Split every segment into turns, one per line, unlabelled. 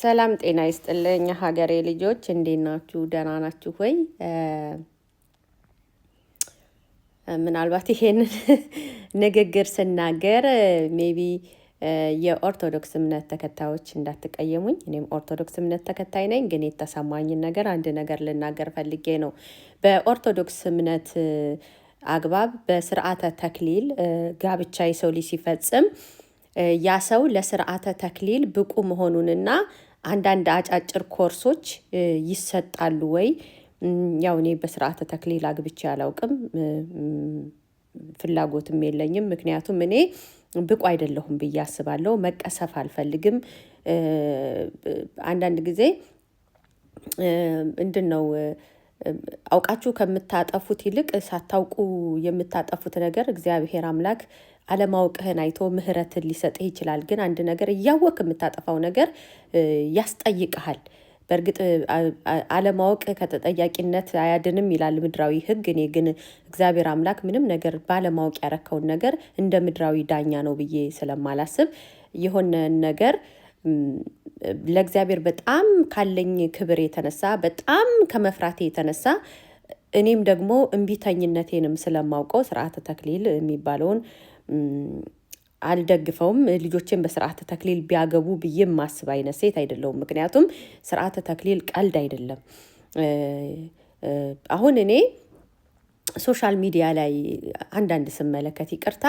ሰላም ጤና ይስጥልኝ ሀገሬ ልጆች፣ እንዴት ናችሁ? ደህና ናችሁ ወይ? ምናልባት ይሄንን ንግግር ስናገር ሜቢ የኦርቶዶክስ እምነት ተከታዮች እንዳትቀየሙኝ። እኔም ኦርቶዶክስ እምነት ተከታይ ነኝ፣ ግን የተሰማኝን ነገር አንድ ነገር ልናገር ፈልጌ ነው። በኦርቶዶክስ እምነት አግባብ በስርዓተ ተክሊል ጋብቻ የሰው ልጅ ሲፈጽም ያ ሰው ለስርዓተ ተክሊል ብቁ መሆኑንና አንዳንድ አጫጭር ኮርሶች ይሰጣሉ ወይ? ያው እኔ በስርዓተ ተክሊል አግብቼ አላውቅም፣ ፍላጎትም የለኝም። ምክንያቱም እኔ ብቁ አይደለሁም ብዬ አስባለሁ። መቀሰፍ አልፈልግም። አንዳንድ ጊዜ ምንድን ነው አውቃችሁ ከምታጠፉት ይልቅ ሳታውቁ የምታጠፉት ነገር እግዚአብሔር አምላክ አለማወቅህን አይቶ ምህረትን ሊሰጥህ ይችላል። ግን አንድ ነገር እያወቅ የምታጠፋው ነገር ያስጠይቀሃል። በእርግጥ አለማወቅ ከተጠያቂነት አያድንም ይላል ምድራዊ ሕግ። እኔ ግን እግዚአብሔር አምላክ ምንም ነገር ባለማወቅ ያረከውን ነገር እንደ ምድራዊ ዳኛ ነው ብዬ ስለማላስብ የሆነ ነገር ለእግዚአብሔር በጣም ካለኝ ክብር የተነሳ በጣም ከመፍራቴ የተነሳ እኔም ደግሞ እምቢተኝነቴንም ስለማውቀው ስርዓተ ተክሊል የሚባለውን አልደግፈውም። ልጆቼን በስርዓተ ተክሊል ቢያገቡ ብዬ የማስብ አይነት ሴት አይደለሁም። ምክንያቱም ስርዓተ ተክሊል ቀልድ አይደለም። አሁን እኔ ሶሻል ሚዲያ ላይ አንዳንድ ስመለከት ይቅርታ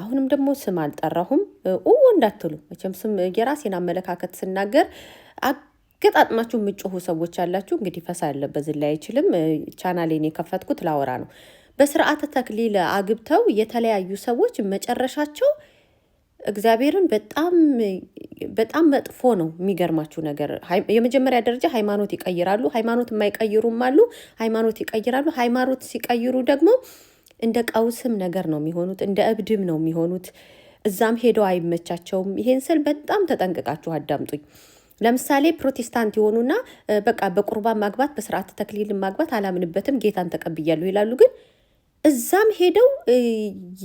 አሁንም ደግሞ ስም አልጠራሁም እንዳትሉ መቼም ስም የራሴን አመለካከት ስናገር አገጣጥማችሁ የምጮሁ ሰዎች ያላችሁ እንግዲህ ፈሳ ያለበት ዝላይ አይችልም። ቻናሌን የከፈትኩት ላወራ ነው። በስርዓተ ተክሊል አግብተው የተለያዩ ሰዎች መጨረሻቸው እግዚአብሔርን በጣም በጣም መጥፎ ነው። የሚገርማችሁ ነገር የመጀመሪያ ደረጃ ሃይማኖት ይቀይራሉ፣ ሃይማኖት የማይቀይሩም አሉ፣ ሃይማኖት ይቀይራሉ። ሃይማኖት ሲቀይሩ ደግሞ እንደ ቀውስም ነገር ነው የሚሆኑት፣ እንደ እብድም ነው የሚሆኑት። እዛም ሄደው አይመቻቸውም። ይሄን ስል በጣም ተጠንቅቃችሁ አዳምጡኝ። ለምሳሌ ፕሮቴስታንት የሆኑና በቃ በቁርባን ማግባት በስርዓተ ተክሊል ማግባት አላምንበትም ጌታን ተቀብያለሁ ይላሉ ግን እዛም ሄደው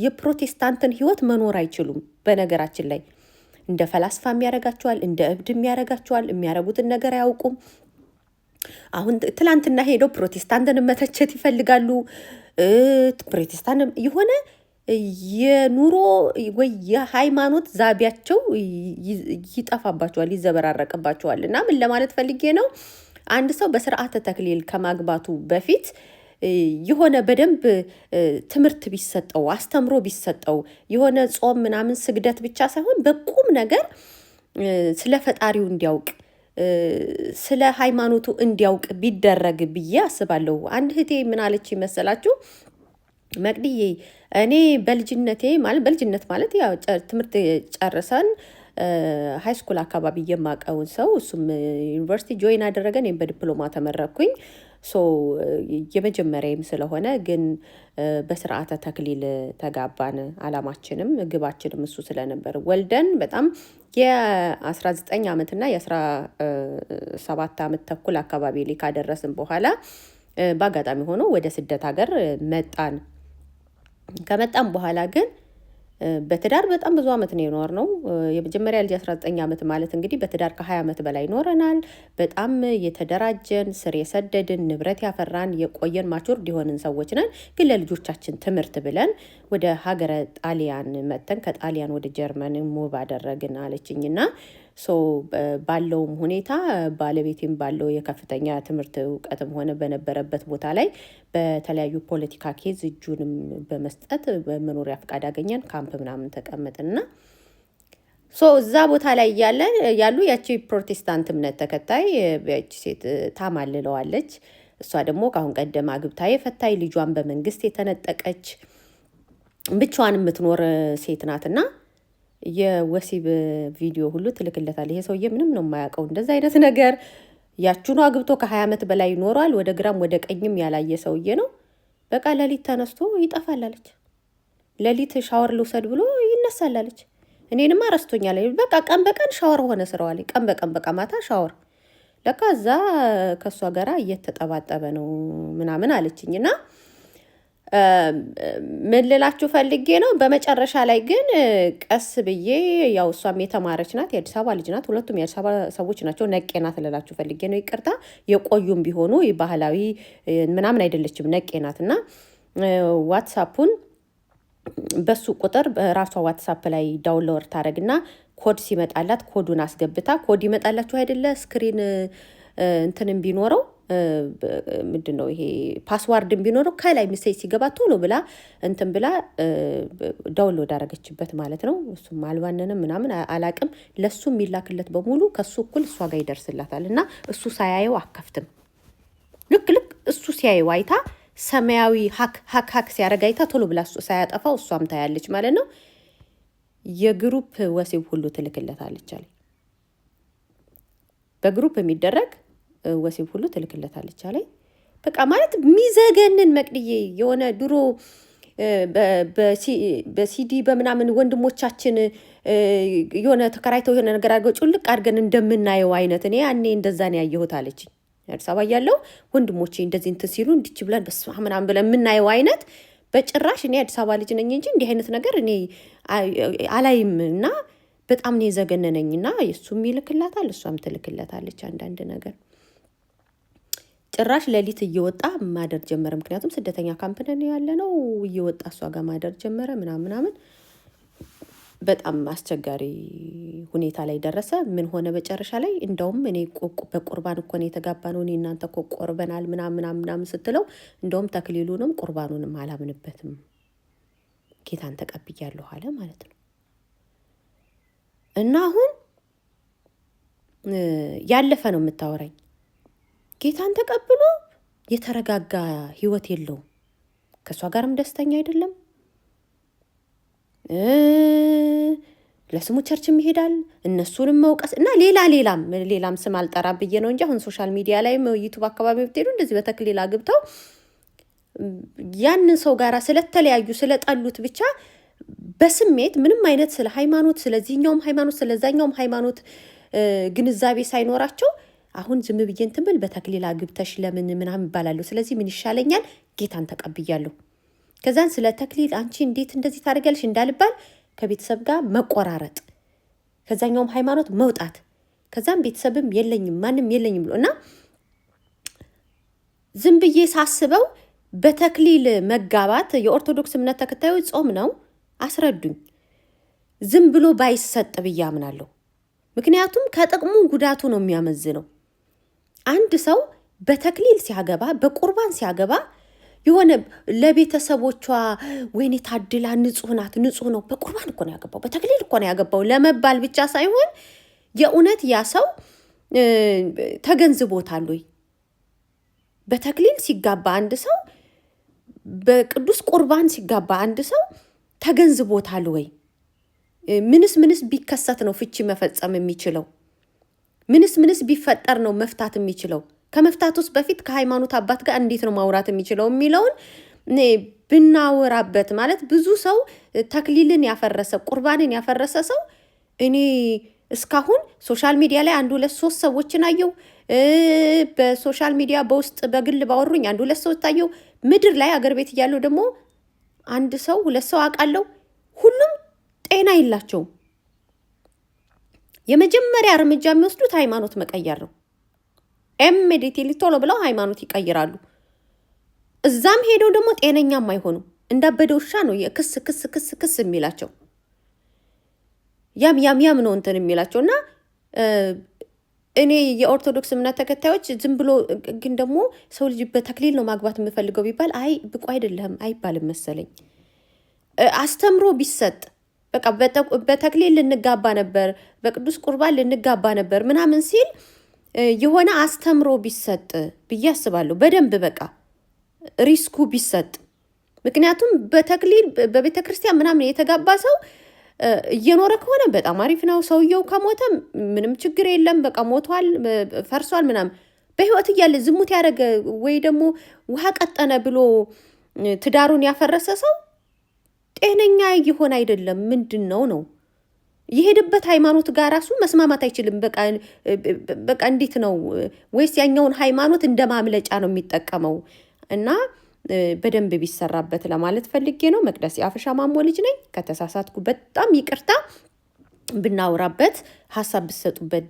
የፕሮቴስታንትን ህይወት መኖር አይችሉም። በነገራችን ላይ እንደ ፈላስፋም ያደርጋቸዋል፣ እንደ እብድም ያደርጋቸዋል። የሚያደርጉትን ነገር አያውቁም። አሁን ትላንትና ሄደው ፕሮቴስታንትን መተቸት ይፈልጋሉ። ፕሮቴስታንት የሆነ የኑሮ ወይ የሃይማኖት ዛቢያቸው ይጠፋባቸዋል፣ ይዘበራረቅባቸዋል። እና ምን ለማለት ፈልጌ ነው አንድ ሰው በስርዓተ ተክሊል ከማግባቱ በፊት የሆነ በደንብ ትምህርት ቢሰጠው አስተምሮ ቢሰጠው የሆነ ጾም ምናምን ስግደት ብቻ ሳይሆን በቁም ነገር ስለ ፈጣሪው እንዲያውቅ ስለ ሃይማኖቱ እንዲያውቅ ቢደረግ ብዬ አስባለሁ። አንድ እህቴ ምናለች ይመሰላችሁ መቅድዬ እኔ በልጅነቴ ማለት በልጅነት ማለት ያው ትምህርት ጨርሰን ሃይስኩል አካባቢ የማቀውን ሰው እሱም ዩኒቨርሲቲ ጆይን አደረገ። እኔም በዲፕሎማ ተመረኩኝ። ሶ የመጀመሪያም ስለሆነ ግን በስርዓተ ተክሊል ተጋባን። አላማችንም ግባችንም እሱ ስለነበር ወልደን በጣም የ19 ዓመትና የ17 ዓመት ተኩል አካባቢ ላይ ካደረስን በኋላ በአጋጣሚ ሆኖ ወደ ስደት ሀገር መጣን። ከመጣም በኋላ ግን በትዳር በጣም ብዙ ዓመት ነው የኖር ነው። የመጀመሪያ ልጅ 19 ዓመት ማለት እንግዲህ በትዳር ከ20 ዓመት በላይ ኖረናል። በጣም የተደራጀን ስር የሰደድን ንብረት ያፈራን የቆየን ማቹር ሊሆንን ሰዎች ነን። ግን ለልጆቻችን ትምህርት ብለን ወደ ሀገረ ጣሊያን መጥተን ከጣሊያን ወደ ጀርመን ሙብ አደረግን አለችኝና ሶ ባለውም ሁኔታ ባለቤቴም ባለው የከፍተኛ ትምህርት እውቀትም ሆነ በነበረበት ቦታ ላይ በተለያዩ ፖለቲካ ኬዝ እጁንም በመስጠት መኖሪያ ፍቃድ አገኘን። ካምፕ ምናምን ተቀመጥና ሶ እዛ ቦታ ላይ እያለ ያሉ ያቺ ፕሮቴስታንት እምነት ተከታይ ያቺ ሴት ታማልለዋለች። እሷ ደግሞ ከአሁን ቀደም አግብታ የፈታይ ልጇን በመንግስት የተነጠቀች ብቻዋን የምትኖር ሴት ናትና የወሲብ ቪዲዮ ሁሉ ትልክለታል። ይሄ ሰውዬ ምንም ነው የማያውቀው እንደዚ አይነት ነገር። ያችኑ አግብቶ ከሀያ ዓመት በላይ ይኖሯል። ወደ ግራም ወደ ቀኝም ያላየ ሰውዬ ነው። በቃ ሌሊት ተነስቶ ይጠፋል አለች። ሌሊት ሻወር ልውሰድ ብሎ ይነሳል አለች። እኔንማ ረስቶኛል። በቃ ቀን በቀን ሻወር ሆነ ስራዋ ላይ ቀን በቀን በቃ ማታ ሻወር። ለካ እዛ ከእሷ ጋራ እየተጠባጠበ ነው ምናምን አለችኝ እና ምን ልላችሁ ፈልጌ ነው። በመጨረሻ ላይ ግን ቀስ ብዬ ያው እሷም የተማረች ናት፣ የአዲስ አበባ ልጅ ናት። ሁለቱም የአዲስ አበባ ሰዎች ናቸው። ነቄ ናት ልላችሁ ፈልጌ ነው። ይቅርታ የቆዩም ቢሆኑ ባህላዊ ምናምን አይደለችም፣ ነቄ ናት እና ዋትሳፑን በሱ ቁጥር ራሷ ዋትሳፕ ላይ ዳውንሎድ ታደረግና ኮድ ሲመጣላት ኮዱን አስገብታ ኮድ ይመጣላችሁ አይደለ ስክሪን እንትንም ቢኖረው ምንድን ነው ይሄ ፓስዋርድን ቢኖረው ከላይ ሚሴጅ ሲገባ ቶሎ ብላ እንትን ብላ ዳውንሎድ አረገችበት ማለት ነው። እሱም አልባነንም ምናምን አላቅም። ለሱ የሚላክለት በሙሉ ከሱ እኩል እሷ ጋር ይደርስላታል እና እሱ ሳያየው አከፍትም። ልክ ልክ እሱ ሲያየው አይታ ሰማያዊ ሀክ ሀክ ሀክ ሲያደርግ አይታ ቶሎ ብላ ሳያጠፋው እሷም ታያለች ማለት ነው። የግሩፕ ወሲብ ሁሉ ትልክለታለች አለ በግሩፕ የሚደረግ ወሲብ ሁሉ ትልክለታለች አለኝ። በቃ ማለት ሚዘገንን መቅድዬ የሆነ ድሮ በሲዲ በምናምን ወንድሞቻችን የሆነ ተከራይተው የሆነ ነገር አድርገው ጭልቅ አድርገን እንደምናየው አይነት እኔ ያኔ እንደዛ ነው ያየሁት አለች። አዲስ አበባ እያለሁ ወንድሞቼ እንደዚህ እንትን ሲሉ እንዲች ብለን በስመ አብ ምናምን ብለን የምናየው አይነት በጭራሽ እኔ አዲስ አበባ ልጅ ነኝ እንጂ እንዲህ አይነት ነገር እኔ አላይም። እና በጣም ነው የዘገነነኝ። እና የእሱም ይልክላታል፣ እሷም ትልክለታለች አንዳንድ ነገር ጭራሽ ሌሊት እየወጣ ማደር ጀመረ። ምክንያቱም ስደተኛ ካምፕነን ያለ ነው። እየወጣ እሷ ጋር ማደር ጀመረ ምናምን ምናምን። በጣም አስቸጋሪ ሁኔታ ላይ ደረሰ። ምን ሆነ መጨረሻ ላይ እንደውም እኔ በቁርባን እኮ ነው የተጋባ ነው እኔ እናንተ እኮ ቆርበናል ምናምን ምናምን ስትለው እንደውም ተክሊሉንም ቁርባኑንም አላምንበትም ጌታን ተቀብያለሁ አለ ማለት ነው እና አሁን ያለፈ ነው የምታወራኝ ጌታን ተቀብሎ የተረጋጋ ህይወት የለውም። ከእሷ ጋርም ደስተኛ አይደለም። ለስሙ ቸርችም ይሄዳል። እነሱንም መውቀስ እና ሌላ ሌላም ሌላም ስም አልጠራ ብዬ ነው እንጂ አሁን ሶሻል ሚዲያ ላይ ዩቱብ አካባቢ ብትሄዱ እንደዚህ በተክሊል አግብተው ያንን ሰው ጋር ስለተለያዩ ስለጠሉት ብቻ በስሜት ምንም አይነት ስለ ሃይማኖት ስለዚህኛውም ሃይማኖት ስለዛኛውም ሃይማኖት ግንዛቤ ሳይኖራቸው አሁን ዝም ብዬ እንትን ብል በተክሊል አግብተሽ ለምን ምናምን ይባላለሁ። ስለዚህ ምን ይሻለኛል? ጌታን ተቀብያለሁ። ከዛን ስለ ተክሊል አንቺ እንዴት እንደዚህ ታደርጊያለሽ እንዳልባል ከቤተሰብ ጋር መቆራረጥ፣ ከዛኛውም ሃይማኖት መውጣት፣ ከዛም ቤተሰብም የለኝም ማንም የለኝም ብሎ እና ዝም ብዬ ሳስበው በተክሊል መጋባት የኦርቶዶክስ እምነት ተከታዮች ጾም ነው አስረዱኝ። ዝም ብሎ ባይሰጥ ብዬ አምናለሁ። ምክንያቱም ከጥቅሙ ጉዳቱ ነው የሚያመዝነው። አንድ ሰው በተክሊል ሲያገባ በቁርባን ሲያገባ የሆነ ለቤተሰቦቿ ወይኔ ታድላ ንጹህ ናት፣ ንጹህ ነው፣ በቁርባን እኮ ነው ያገባው፣ በተክሊል እኮ ነው ያገባው ለመባል ብቻ ሳይሆን የእውነት ያ ሰው ተገንዝቦታል ወይ? በተክሊል ሲጋባ አንድ ሰው በቅዱስ ቁርባን ሲጋባ አንድ ሰው ተገንዝቦታል ወይ? ምንስ ምንስ ቢከሰት ነው ፍቺ መፈጸም የሚችለው? ምንስ ምንስ ቢፈጠር ነው መፍታት የሚችለው? ከመፍታት ውስጥ በፊት ከሃይማኖት አባት ጋር እንዴት ነው ማውራት የሚችለው የሚለውን ብናወራበት ማለት ብዙ ሰው ተክሊልን ያፈረሰ ቁርባንን ያፈረሰ ሰው እኔ እስካሁን ሶሻል ሚዲያ ላይ አንድ ሁለት ሶስት ሰዎችን አየው። በሶሻል ሚዲያ በውስጥ በግል ባወሩኝ አንድ ሁለት ሰዎች ታየው። ምድር ላይ አገር ቤት እያለው ደግሞ አንድ ሰው ሁለት ሰው አውቃለው ሁሉም ጤና የላቸውም። የመጀመሪያ እርምጃ የሚወስዱት ሃይማኖት መቀየር ነው። ኤምዲቲ ቶሎ ብለው ሃይማኖት ይቀይራሉ። እዛም ሄደው ደግሞ ጤነኛም አይሆኑም። እንዳበደ ውሻ ነው የክስ ክስ ክስ ክስ የሚላቸው ያም ያም ያም ነው እንትን የሚላቸው እና እኔ የኦርቶዶክስ እምነት ተከታዮች ዝም ብሎ ግን ደግሞ ሰው ልጅ በተክሊል ነው ማግባት የምፈልገው ቢባል አይ ብቁ አይደለም አይባልም መሰለኝ። አስተምሮ ቢሰጥ በቃ በተክሊል ልንጋባ ነበር፣ በቅዱስ ቁርባን ልንጋባ ነበር ምናምን ሲል የሆነ አስተምሮ ቢሰጥ ብዬ አስባለሁ። በደንብ በቃ ሪስኩ ቢሰጥ ምክንያቱም በተክሊል በቤተ ክርስቲያን ምናምን የተጋባ ሰው እየኖረ ከሆነ በጣም አሪፍ ነው። ሰውየው ከሞተ ምንም ችግር የለም። በቃ ሞቷል፣ ፈርሷል ምናምን በህይወት እያለ ዝሙት ያደረገ ወይ ደግሞ ውሃ ቀጠነ ብሎ ትዳሩን ያፈረሰ ሰው ጤነኛ የሆነ አይደለም። ምንድን ነው ነው የሄደበት ሃይማኖት ጋር ራሱ መስማማት አይችልም። በቃ እንዴት ነው ወይስ ያኛውን ሃይማኖት እንደ ማምለጫ ነው የሚጠቀመው? እና በደንብ ቢሰራበት ለማለት ፈልጌ ነው። መቅደስ የአፈሻ ማሞ ልጅ ነኝ። ከተሳሳትኩ በጣም ይቅርታ። ብናወራበት ሀሳብ ብትሰጡበት